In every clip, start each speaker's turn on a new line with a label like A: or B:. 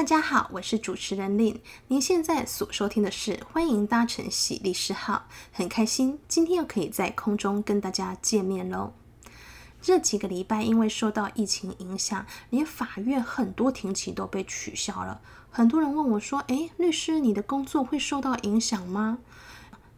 A: 大家好，我是主持人 Lynne。您現在所收聽的是《歡迎搭乘喜律師號》，很開心今天又可以在空中跟大家見面嘍。這幾個禮拜因為受到疫情影響，連法院很多庭期都被取消了。很多人問我說：“哎，律師，你的工作會受到影響嗎？”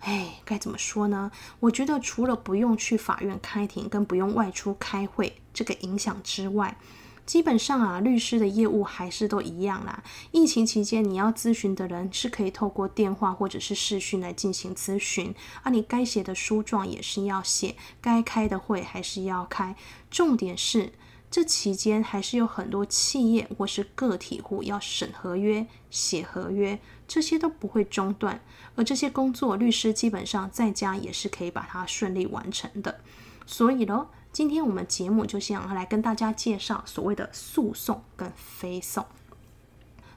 A: 哎，該怎麼說呢？我覺得除了不用去法院開庭，跟不用外出開會這個影響之外，基本上啊，律師的業務還是都一樣啦。疫情期間，你要諮詢的人是可以透過電話或者是視訊來進行諮詢，而、啊、你該寫的書狀也是要寫，該開的會還是要開。重點是，這期間還是有很多企業或是個體戶要審合約、寫合約，這些都不會中斷。而這些工作，律師基本上在家也是可以把它順利完成的。所以嘍。今天我們節目就先來跟大家介紹所謂的訴訟跟非訟。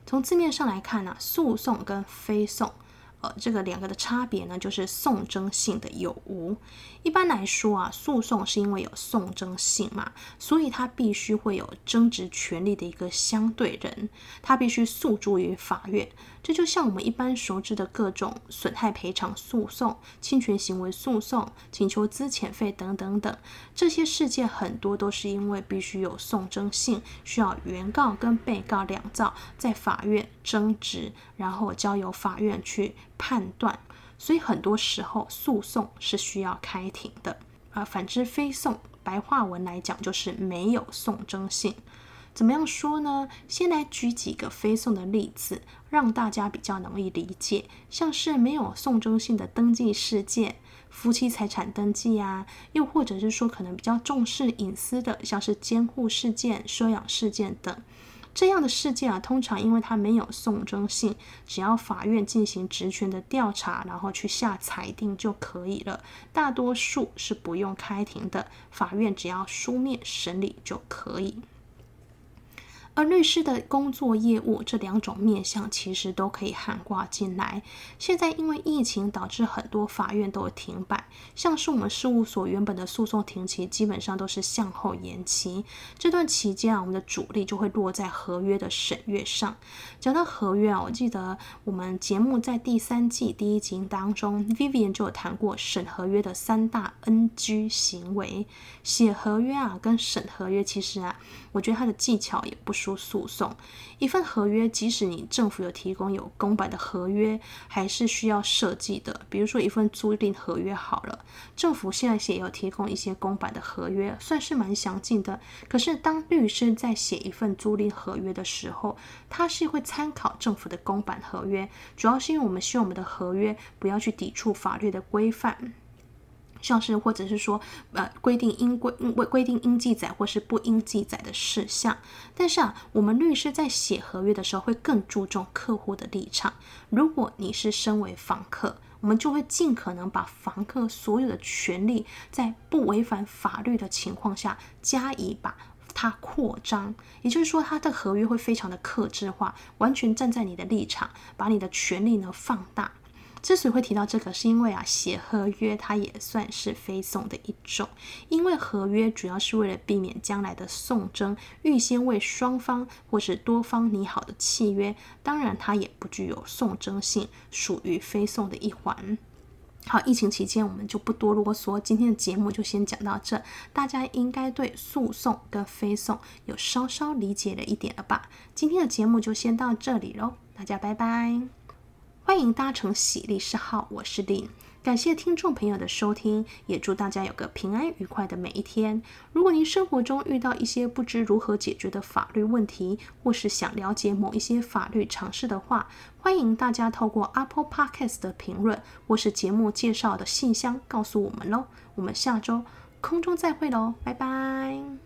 A: 從字面上來看呢、啊，訴訟跟非訟，呃，這個兩個的差別呢，就是訟爭性的有無。一般來說啊，訴訟是因為有訟爭性嘛，所以它必須會有爭執權利的一個相對人，它必須訴諸於法院。這就像我們一般熟知的各種損害賠償訴訟、侵權行為訴訟、請求資遣費等等等，這些事件很多都是因為必須有訟爭性，需要原告跟被告兩造在法院爭執，然後交由法院去判斷。所以很多時候訴訟是需要開庭的，而反之非訟，白話文來講就是沒有訟爭性。怎麼樣說呢？先來舉幾個非訟的例子，讓大家比較容易理解。像是沒有訟爭性的登記事件、夫妻財產登記啊，又或者是說可能比較重視隱私的，像是監護事件、收養事件等這樣的事件啊，通常因為它沒有訟爭性，只要法院進行職權的調查，然後去下裁定就可以了。大多數是不用開庭的，法院只要書面審理就可以。而律師的工作業務，這兩種面向其實都可以涵蓋進來。現在因為疫情導致很多法院都有停擺，像是我們事務所原本的訴訟庭期基本上都是向後延期。這段期間啊，我們的主力就會落在合約的審閱上。講到合約啊，我記得我們節目在第三季第一集當中，Vivian 就有談過審合約的三大 NG 行為。寫合約啊，跟審合約其實啊，我覺得它的技巧也不少。訴訟，一份合約，即使你政府有提供有公版的合約，還是需要設計的。比如說一份租賃合約好了，政府現在也有提供一些公版的合約，算是蠻詳盡的。可是當律師在寫一份租賃合約的時候，他是會參考政府的公版合約，主要是因為我們希望我們的合約不要去抵觸法律的規範。像是或者是說，呃，規定應規規規定應記載或是不應記載的事項。但是啊，我們律師在寫合約的時候會更注重客戶的立場。如果你是身為房客，我們就會盡可能把房客所有的權利，在不違反法律的情況下加以把它擴張。也就是說，他的合約會非常的客製化，完全站在你的立場，把你的權利呢放大。之所以會提到這個，是因為啊，寫合約它也算是非訟的一種，因為合約主要是為了避免將來的訟爭，預先為雙方或是多方擬好的契約，當然它也不具有訟爭性，屬於非訟的一環。好，疫情期間我們就不多囉嗦，今天的節目就先講到這，大家應該對訴訟跟非訟有稍稍理解了一點了吧？今天的節目就先到這裡嘍，大家拜拜。歡迎搭乘喜利士號，我是 Lynne。感謝聽眾朋友的收聽，也祝大家有個平安愉快的每一天。如果您生活中遇到一些不知如何解決的法律問題，或是想了解某一些法律常識的話，歡迎大家透過 Apple Podcast 的評論，或是節目介紹的信箱告訴我們嘍。我們下周空中再會嘍，拜拜。